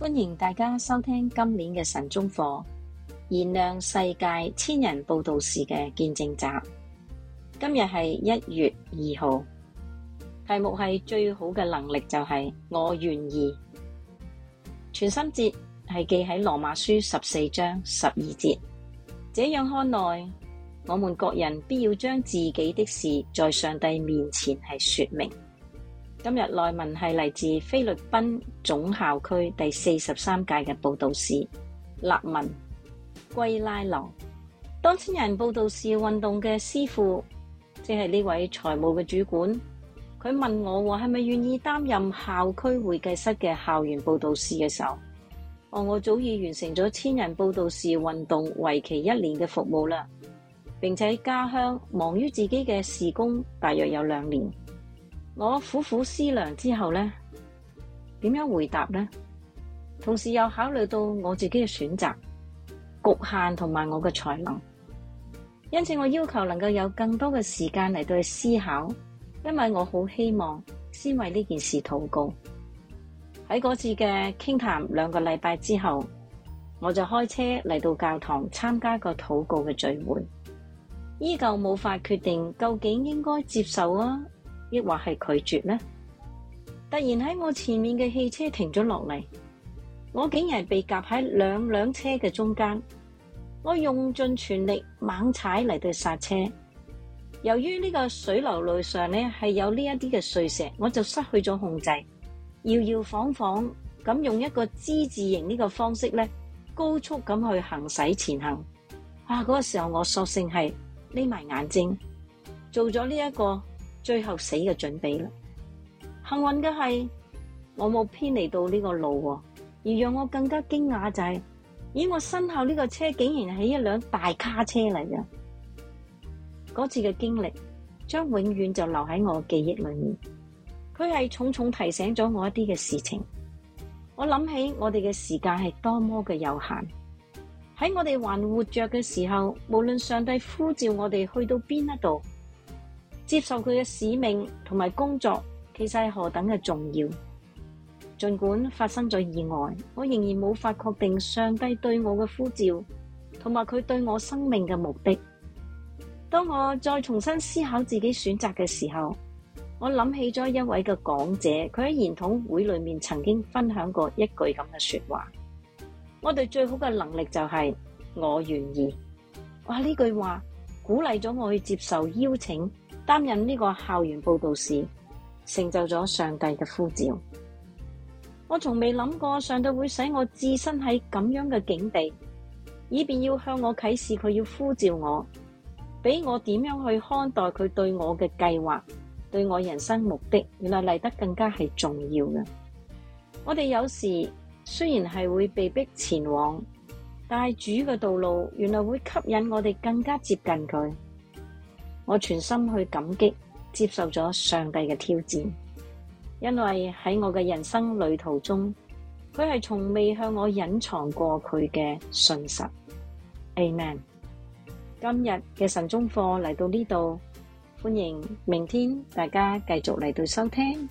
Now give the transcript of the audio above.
歡迎大家收聽今年嘅晨鐘課，燃亮世界千人佈道士嘅見證集。今日係一月二號，題目係最好嘅能力就係我願意。全心節係記喺羅馬書十四章十二節。這樣看來，我們各人必要將自己的事在上帝面前係說明。今日內文係嚟自菲律賓總校區第四十三屆嘅佈道士立文圭拉郎，當千人佈道士運動嘅師傅，即係呢位財務嘅主管，佢問我係咪願意擔任校區會計室嘅校園佈道士嘅時候，我我早已完成咗千人佈道士運動為期一年嘅服務啦，並且喺家鄉忙於自己嘅事工大約有兩年。我苦苦思量之後呢，點樣回答呢？同時又考慮到我自己嘅選擇、局限同埋我嘅才能，因此我要求能夠有更多嘅時間嚟到去思考，因為我好希望先為呢件事禱告。喺嗰次嘅傾談兩個禮拜之後，我就開車嚟到教堂參加個禱告嘅聚會，依舊冇法決定究竟應該接受啊！抑或係拒絕呢？突然喺我前面嘅汽車停咗落嚟，我竟然係被夾喺兩輛車嘅中間。我用盡全力猛踩嚟對剎車，由於呢個水流路上呢係有呢一啲嘅碎石，我就失去咗控制，搖搖晃晃咁用一個之字形呢個方式咧，高速咁去行駛前行。啊！嗰、那個時候我索性係匿埋眼睛，做咗呢一個。最後死嘅準備啦！幸運嘅係我冇偏離到呢個路喎，而讓我更加驚訝就係，以我身後呢個車竟然係一輛大卡車嚟嘅。嗰次嘅經歷將永遠就留喺我的記憶裏面。佢係重重提醒咗我一啲嘅事情。我諗起我哋嘅時間係多麼嘅有限。喺我哋還活着嘅時候，無論上帝呼召我哋去到邊一度，接受佢嘅使命同埋工作，其實係何等嘅重要。盡管發生咗意外，我仍然冇法確定上帝對我嘅呼召同埋佢對我生命嘅目的。當我再重新思考自己選擇嘅時候，我諗起咗一位嘅講者，佢喺研討會裏面曾經分享過一句咁嘅說話，我哋最好嘅能力就係我願意。哇！呢句話鼓勵咗我去接受邀請。擔任呢個校園佈道士，成就咗上帝嘅呼召。我從未諗過上帝會使我置身喺咁樣嘅境地，以便要向我啟示佢要呼召我，俾我點樣去看待佢對我嘅計劃，對我人生目的。原來嚟得更加係重要嘅。我哋有時雖然係會被迫前往，但係主嘅道路原來會吸引我哋更加接近佢。我全心去感激接受咗上帝嘅挑戰，因為喺我嘅人生旅途中，佢係從未向我隱藏過佢嘅信實。Amen。今日嘅晨鐘課嚟到呢度，歡迎明天大家繼續嚟到收聽。